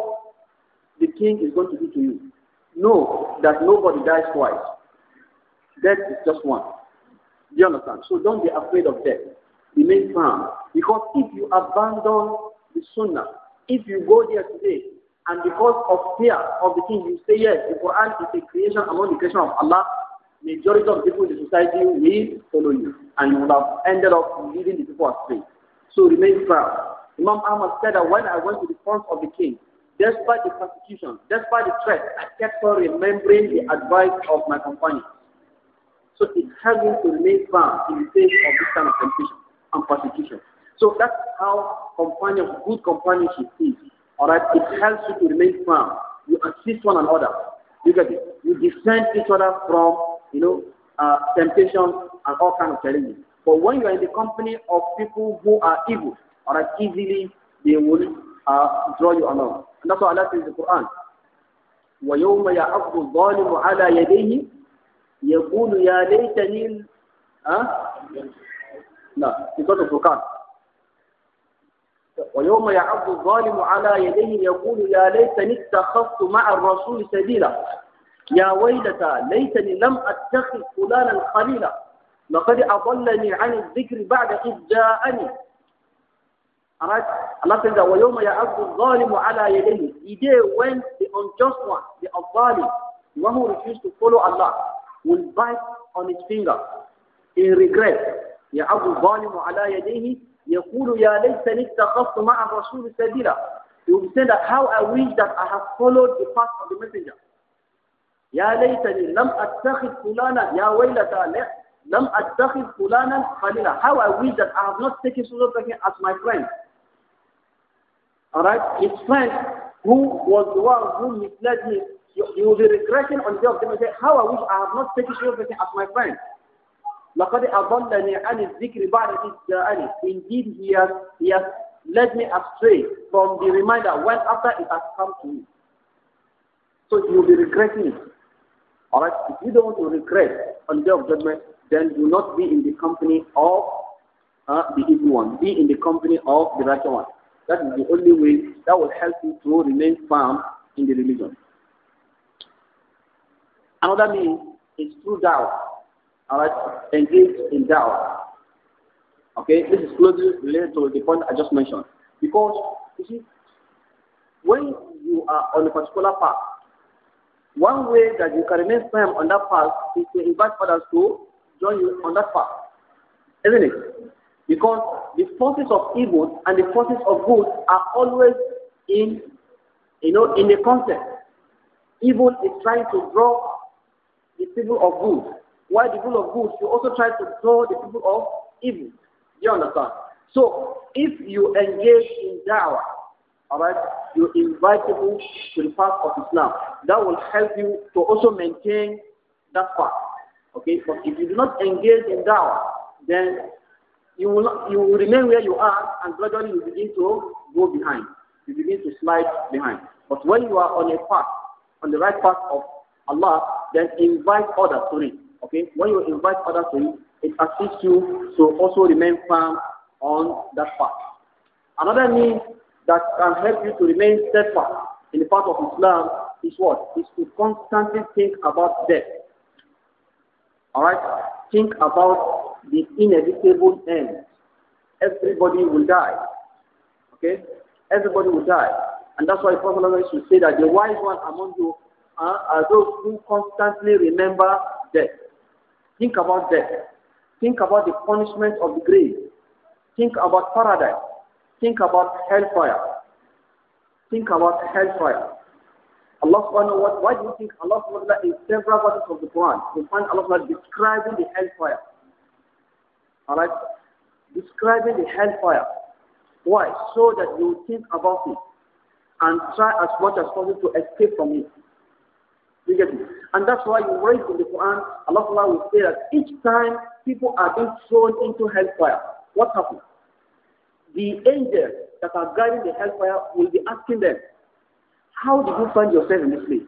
the king is going to do to you, know that nobody dies twice. Death is just one. Do you understand? So don't be afraid of death. Remain firm. Because if you abandon the sunnah, if you go there today, and because of fear of the king, you say yes, the Quran is a creation among the creation of Allah, majority of people in the society will follow you and you would have ended up leading the people astray. So remain firm. Imam Ahmad said that when I went to the front of the king, despite the persecution, despite the threat, I kept on remembering the advice of my companions. So it helped me to remain firm in the face of this kind of temptation and persecution. So that's how companions, good companionship is. Alright, it helps you to remain firm. You assist one another. You get it. You defend each other from, you know, uh, temptation and all kinds of challenges. But when you are in the company of people who are evil, or right, easily they will uh, draw you along. And that's what Allah says in the Quran, وَيَوْمَ يَعَضُّ الظَّالِمُ عَلَى يَدَيْهِ يَقُولُ يَا لَيْتَنِي No, because of Furqan. ويوم يعض الظالم على يديه يقول يا ليتني اتخذت مع الرسول سبيلا يا ويلتى ليتني لم اتخذ فلانا خليلا لقد أضلني عن الذكر بعد إذ جاءني الله تعالى ويوم يعبد الظالم على يديه إذا وين the unjust one the الظالم one who refuses to follow Allah will bite on his finger in regret يعبد الظالم على يديه يقول يا ليتني اتخذت مع الرسول سبيلا He will say that how I wish that I have followed the path of the messenger. يا ليتني لم أتخذ فلانا يا ويلتا لم أتخذ فلانا خليلا how I wish that I have not taken Surat Taqi as my friend alright his friend who was the one who misled me. he will be regretting on the day of judgment how I wish I have not taken Surat Taqi as my friend لقد أضلني عن الذكر بعد إذ جاءني indeed he has, he has led me astray from the reminder when after it has come to me so he will be regretting it alright if you don't want to regret on the day of judgment then do not be in the company of uh, the evil one. Be in the company of the righteous one. That is the only way that will help you to remain firm in the religion. Another means is through doubt. Alright, engage in doubt. Okay, this is closely related to the point I just mentioned. Because you see, when you are on a particular path, one way that you can remain firm on that path is to invite others to join you on that path. Isn't it? Because the forces of evil and the forces of good are always in, you know, in a concept. Evil is trying to draw the people of good. While the people of good, you also try to draw the people of evil. You understand? So, if you engage in da'wah, alright, you invite people to the path of Islam. That will help you to also maintain that path. Okay, but if you do not engage in dawah, then you will not, you will remain where you are, and gradually you begin to go behind. You begin to slide behind. But when you are on a path, on the right path of Allah, then invite others to it. Okay, when you invite others to it, it assists you to also remain firm on that path. Another means that can help you to remain steadfast in the path of Islam is what? Is to constantly think about death. Alright? Think about the inevitable end. Everybody will die. Okay? Everybody will die. And that's why Prophet should say that the wise one among you uh, are those who constantly remember death. Think about death. Think about the punishment of the grave. Think about paradise. Think about hellfire. Think about hellfire. Allah subhanahu wa why do you think Allah subhanahu wa ta'ala in several verses of the Quran you find Allah subhanahu describing the hellfire? Alright? Describing the hellfire. Why? So that you think about it and try as much as possible to escape from it. You get it? And that's why you read in the Quran, Allah subhanahu will say that each time people are being thrown into hellfire, what happens? The angels that are guiding the hellfire will be asking them, how did you find yourself in this place?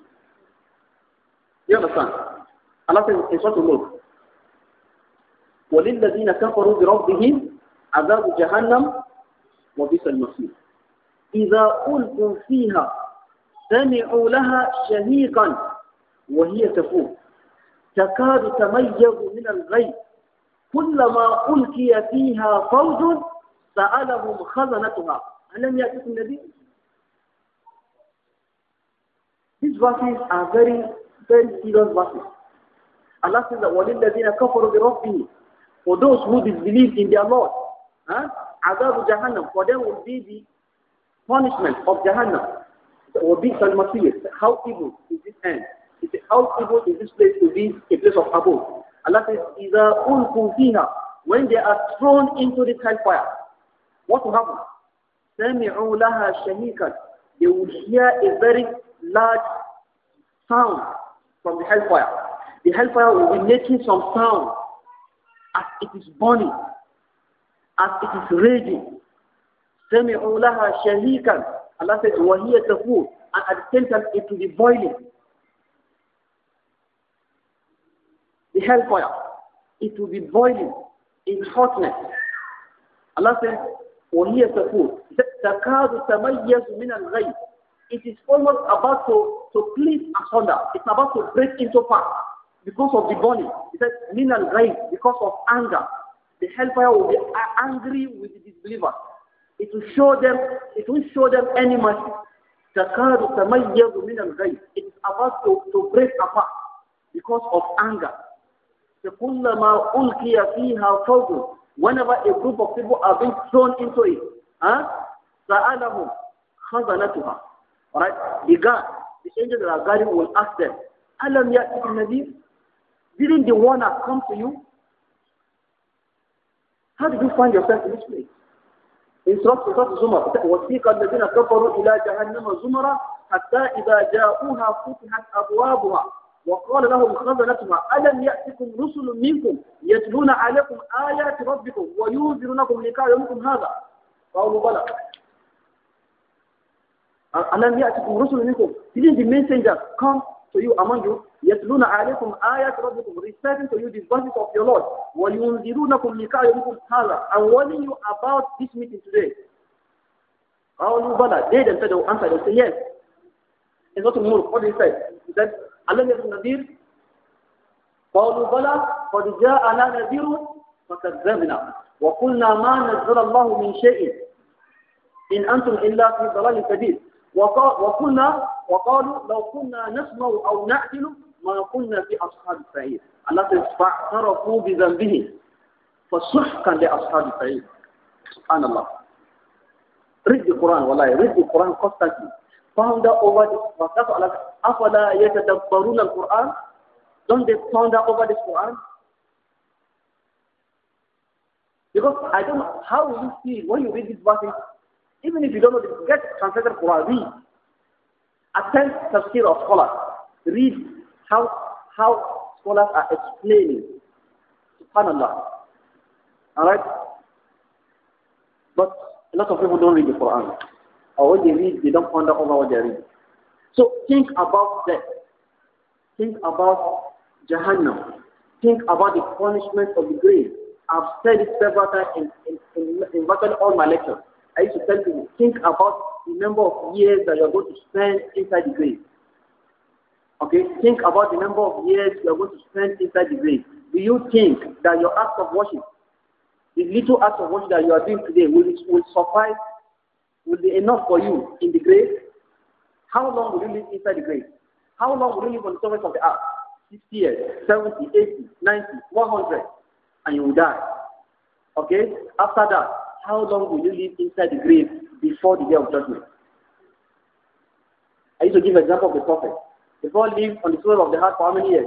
You understand? Allah says in Surah Al-Mulk, وَلِلَّذِينَ كَفَرُوا بِرَبِّهِمْ عَذَابُ جَهَنَّمْ وَبِئْسَ الْمَصِيرُ إِذَا أُلْقُوا فِيهَا سَمِعُوا لَهَا شَهِيقًا وَهِيَ تَفُورُ تَكَادُ تَمَيَّزُ مِنَ الْغَيْظِ كُلَّمَا أُلْقِيَ فِيهَا فَوْجٌ سَأَلَهُمْ خَزَنَتُهَا أَلَمْ يَأْتِكُمْ نَذِيرٌ these verses are very, very serious verses. Allah says that وَلِلَّذِينَ كَفَرُوا بِرَبِّهِ For those who disbelieve in their Lord, huh? عَذَابُ جَهَنَّمْ For them will be the punishment of Jahannam. وَبِئْسَ الْمَصِيرِ How evil is this end? He said, how evil is this place to be a place of abode? Allah says, إِذَا أُلْقُوا فِيهَا When they are thrown into the hellfire, what will happen? سَمِعُوا لَهَا شَهِيكًا they will hear a very large sound from the hellfire. The hellfire will be making some sound as it is burning, as it is raging. سمعوا لها شهيكا Allah says the food and at the same time it will be boiling. The hellfire, it will be boiling in hotness. Allah says وهي The تكاد تميز من الغيب it is almost about to, to please asunder. It's about to break into parts because of the burning. It's says, min al because of anger. The hellfire will be angry with the disbelievers. It will show them, it will show them any mercy. تَكَادُ تَمَيَّزُ مِنَ الْغَيْبِ It is about to, to break apart because of anger. فَكُلَّمَا أُلْقِيَ فِيهَا فَوْجٌ whenever a group of people are being thrown into it, huh? سَأَلَهُمْ خَزَنَتُهَا Alright, the God, the angel that are guarding will ask them, أَلَمْ نَذِيرٌ Didn't the one that come to you? How did you find yourself in this place? In Surah Surah Zumar, وَسِيقَ الَّذِينَ كَفَرُوا إِلَى جَهَنَّمَ زُمَرًا حَتَّى إِذَا جَاءُوهَا فُتِحَتْ أَبْوَابُهَا وقال لهم خزنتها ألم يأتكم رسل منكم يتلون عليكم آيات ربكم وينذرونكم لقاء يومكم هذا قالوا بلى ألم يأتكم رسل منكم did the messenger come to you among you يتلون عليكم آيات ربكم reciting to you the verses of your Lord وينذرونكم لقاء يومكم هذا i warning you about this meeting today قالوا بلى they themselves answered and said yes it's not more what they said ألم يكن نذير قالوا بلى قد جاءنا نذير فكذبنا وقلنا ما نزل الله من شيء إن أنتم إلا في ضلال كبير وقلنا وقالوا لو كنا نسمع أو نعقل ما قلنا في أصحاب السعير التي فاعترفوا بذنبه فسحقا لأصحاب السعير سبحان الله read the Quran والله read the Quran constantly found out over this أَفَلَا يَتَدَبَّرُونَ الْقُرْآنَ Don't they ponder over this Quran? Because I don't know, how you feel when you read these verses, even if you don't know this, get translated Quran, read. Attend skill of scholars. Read how, how scholars are explaining. SubhanAllah. Alright? But a lot of people don't read the Quran. Or when they read, they don't ponder over what they read. So think about that. Think about Jahannam. Think about the punishment of the grave. I've said it several times in, in, in, in virtually all my lectures. I used to tell people, think about the number of years that you're going to spend inside the grave. Okay, think about the number of years you are going to spend inside the grave. Do you think that your act of worship, the little act of worship that you are doing today, will, will suffice, will be enough for you in the grave? How long will you live inside the grave? How long will you live on the surface of the earth? 60 years, 70, 80, 90, 100, and you will die. Okay? After that, how long will you live inside the grave before the day of judgment? I used to give an example of the prophet. The prophet lived on the surface of the earth for how many years?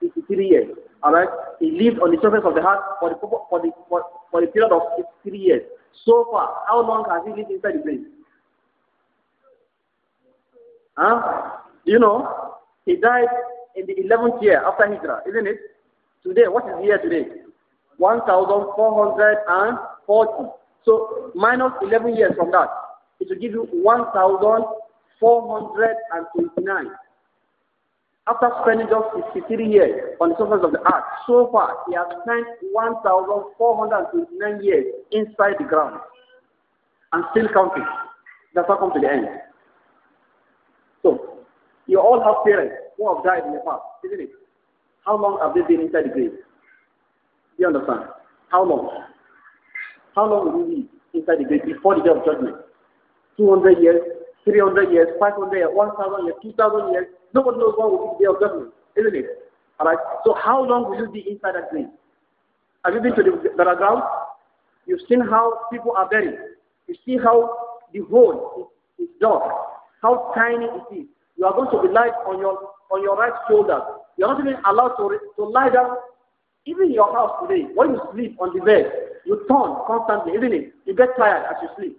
53 years. Alright? He lived on the surface of the earth for the, for the, for, for the period of 53 years. So far, how long has he lived inside the grave? Huh? You know, he died in the 11th year after Hijrah, isn't it? Today, what is the year today? 1,440. So minus 11 years from that, it will give you 1,429. After spending just 63 years on the surface of the earth, so far he has spent 1,429 years inside the ground and still counting. That's not come to the end. You all have parents who have died in the past, isn't it? How long have they been inside the grave? Do you understand? How long? How long will we be inside the grave before the day of judgment? 200 years, 300 years, 500 years, 1,000 years, 2,000 years. Nobody knows what will be the day of judgment, isn't it? Alright, so how long will you be inside that grave? Have you been to the burial ground? You've seen how people are buried. You see how the hole is, is dark, how tiny it is. You are going to be light on your on your right shoulder. You are not even allowed to, to lie down. Even in your house today, when you sleep on the bed, you turn constantly, isn't it? You get tired as you sleep.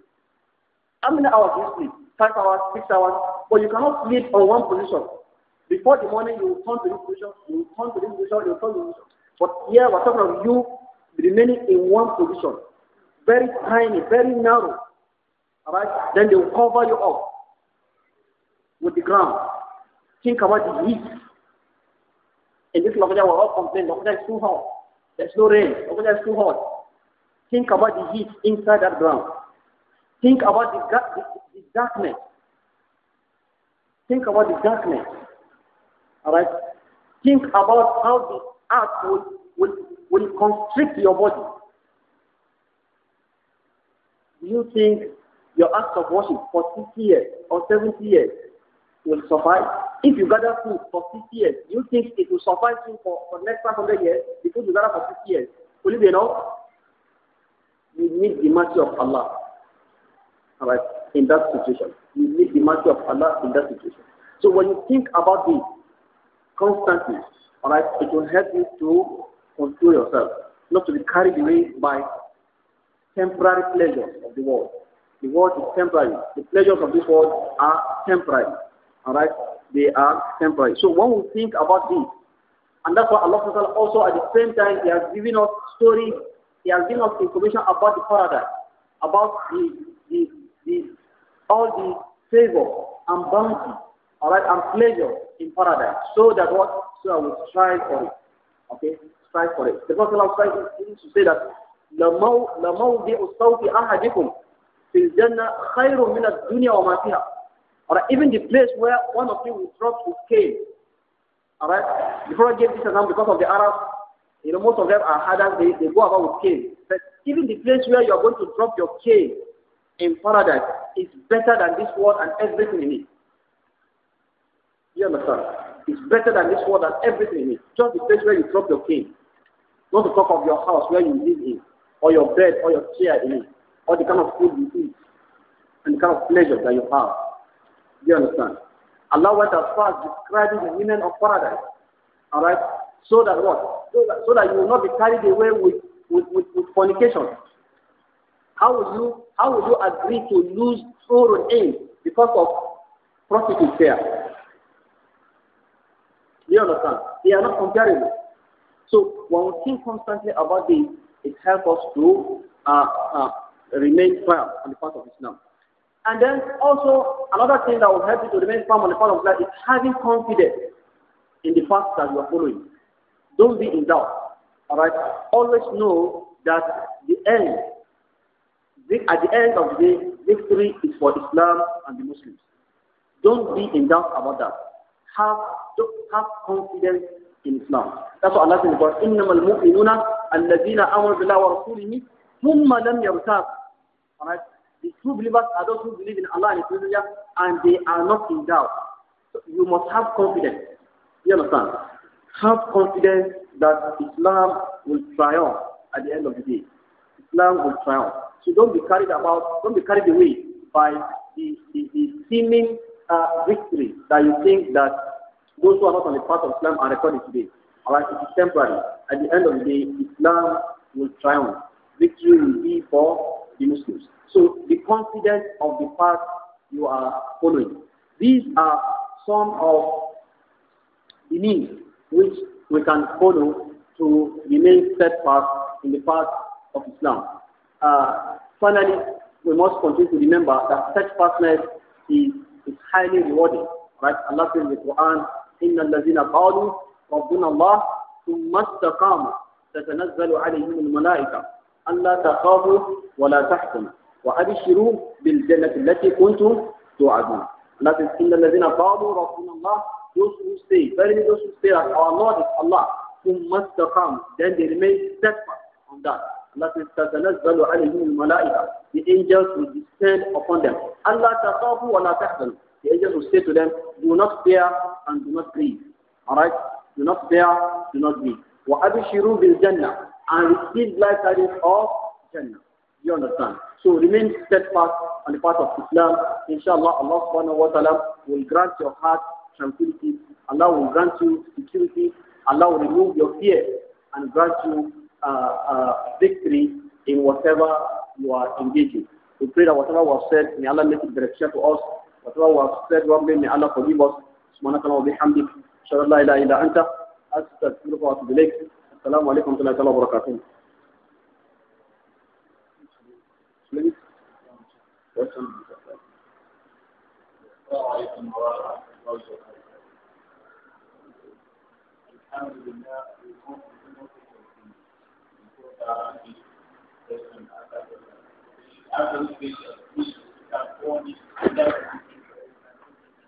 How many hours do you sleep? Five hours, six hours? But you cannot sleep on one position. Before the morning, you turn to this position, you turn to this position, you turn to this position. But here, we're talking you remaining in one position. Very tiny, very narrow. Alright? Then they will cover you up with the ground. Think about the heat. In this lockdown, we all complaining, lockdown is too hot. There's no rain, lockdown is too hot. Think about the heat inside that ground. Think about the, the, the darkness. Think about the darkness. All right? Think about how the earth will, will, will constrict your body. Do you think your act of worship for 60 years or 70 years will suffice. If you gather food for 50 years, you think it will suffice you for, for the next 500 years, the food you gather for 50 years. Will it be enough? You need the mercy of Allah. Alright, in that situation. You need the mercy of Allah in that situation. So when you think about this constantly, alright, it will help you to control yourself, not to be carried away by temporary pleasures of the world. The world is temporary. The pleasures of this world are temporary. All right? They are temporary. So when we think about this, and that's why Allah also at the same time, He has given us stories, He has given us information about the paradise, about the, the, the all the favor and bounty, all right, and pleasure in paradise. So that what? So I will strive for it. Okay? Strive for it. The Prophet used to say that لَمَوْضِعُ الصَّوْفِ أَحَدِكُمْ فِي الْجَنَّةِ خَيْرٌ مِنَ الدُّنْيَا وَمَا فِيهَا or even the place where one of you will drop his cane. Alright, before I gave this example, because of the Arabs, you know, most of them are harder, they, they go about with cane. But even the place where you are going to drop your cane in paradise is better than this world and everything in it. You understand? It's better than this world and everything in it. Just the place where you drop your cane. Not to talk of your house where you live in, or your bed, or your chair in it, or the kind of food you eat, and the kind of pleasure that you have. Do you understand? Allah went as far as describing the women of paradise. Alright? So that what? So that, so that you will not be carried away with, with, with, with fornication. How would you how would you agree to lose your aim because of prostitutes there? Do you understand? They are not comparable. So when we think constantly about this, it helps us to uh, uh, remain firm on the path of Islam. And then also another thing that will help you to remain firm on the path of God is having confidence in the path that you are following. Don't be in doubt. All right. Always know that the end, at the end of the day, victory is for Islam and the Muslims. Don't be in doubt about that. Have have confidence in Islam. That's what Allah says Inna the Quran. إنما المؤمنون الذين آمنوا بالله ورسوله ثم لم All right. The true believers are those who believe in Allah and His Messenger and they are not in doubt. So you must have confidence. You understand? Have confidence that Islam will triumph at the end of the day. Islam will triumph. So don't be carried about, don't be carried away by the, the, the seeming uh, victory that you think that those who are not on the path of Islam are recorded today. Alright, it is temporary. At the end of the day, Islam will triumph. Victory will be for the Muslims. So the confidence of the path you are following. These are some of the means which we can follow to remain steadfast in the path of Islam. Uh, finally, we must continue to remember that steadfastness is, is highly rewarding. Right? Allah says in the Quran, إِنَّ الَّذِينَ قَالُوا رَبُّنَا اللَّهُ ثُمَّ اسْتَقَامُوا تَتَنَزَّلُ عَلَيْهِمُ الْمَلَائِكَةُ ألا تخافوا ولا تحزنوا وأبشروا بالجنة التي كنتم توعدون لكن إن الذين قالوا ربنا الله يوسف سي بل يوسف سي الله الله ثم استقام دان دي رمي تكفى عن ذلك لكن تتنزل عليهم الملائكة the angels will descend upon them ألا تخافوا ولا تحزنوا the angels will say to them do not fear and do not grieve alright do not fear do not grieve وأبشروا بالجنة and receive glad tidings of Jannah. You understand? So remain steadfast on the path of Islam. Inshallah, Allah subhanahu wa ta'ala will grant your heart tranquility. Allah will grant you security. Allah will remove your fear and grant you uh, uh, victory in whatever you are engaging. We pray that whatever was said, may Allah make it direction to us. Whatever was said wrongly, may Allah forgive us. سبحانك اللهم وبحمدك أشهد أن لا إله إلا أنت أستغفرك وأتوب إليك السلام عليكم ورحمة الله وبركاته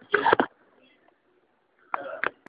Thank you.